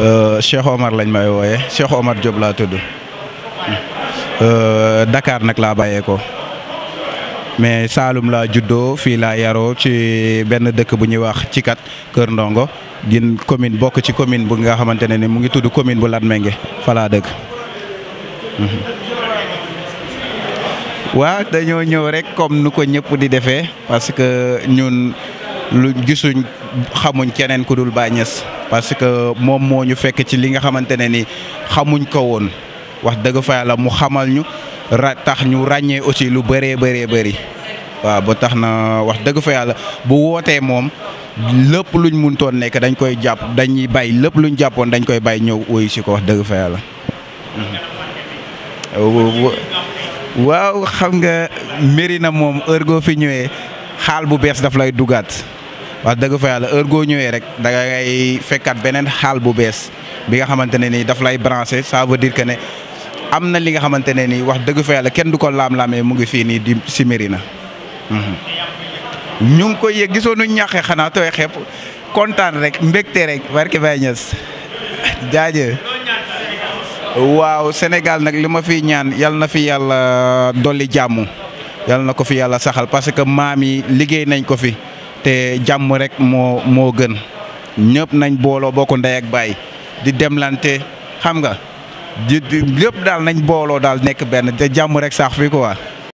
Euh, Cheikh Omar lañ may wooyee Cheikh Omar Diop laa tudd euh, Dakar nag laa bàyyeekoo mais Saalum laa juddoo fii laa yaroo ci benn dëkk bu ñuy wax ci kat Kër Ndongo gin commune bokk ci commune bu nga xamante ne ni mu ngi tudd commune bu Latmingué fa laa dëkk. waaw dañoo ñëw rek comme nu ko ñëpp di defee parce que ñun. lu gisuñ xamuñ keneen ku dul Baye Niass parce que moom moo ñu fekk ci li nga xamante ne ni xamuñ ko woon wax dëgg fa yàlla mu xamal ñu ra tax ñu ràññee aussi lu bëree bëree bëri waaw ba tax na wax dëgg fa yàlla bu wootee moom lépp luñ muntoon nekk dañ koy jàpp dañuy bàyyi lépp luñ jàppoon dañ koy bàyyi ñëw wuyu ko dëgg fa mm-hmm. waaw xam nga na moom heure goo fi ñëwee xaal bu bees daf lay dugaat. wax dëgg fa yàlla heure goo ñëwee rek da fekkaat beneen xaal bu bees bi nga xamante ne nii daf lay branché ça veut dire que ne am na li nga xamante ne nii wax dëgg fa yàlla kenn du ko laam-laamee mu ngi fii nii di si na mhm. ñu ngi koy yëg gisoo nu ñaxee xanaa tooy xepp kontaan rek mbégte rek barke Baye Niass jaajë waaw Sénégal nag li ma fi ñaan yal na fi yàlla dolli jàmmu yal na ko fi yàlla saxal parce que maam yi liggéey nañ ko fi te jàmm rek moo moo gën ñëpp nañ booloo bokk ndey ak baay di demlante xam nga di lépp daal nañ booloo daal nekk benn te jàmm rek sax fi quoi.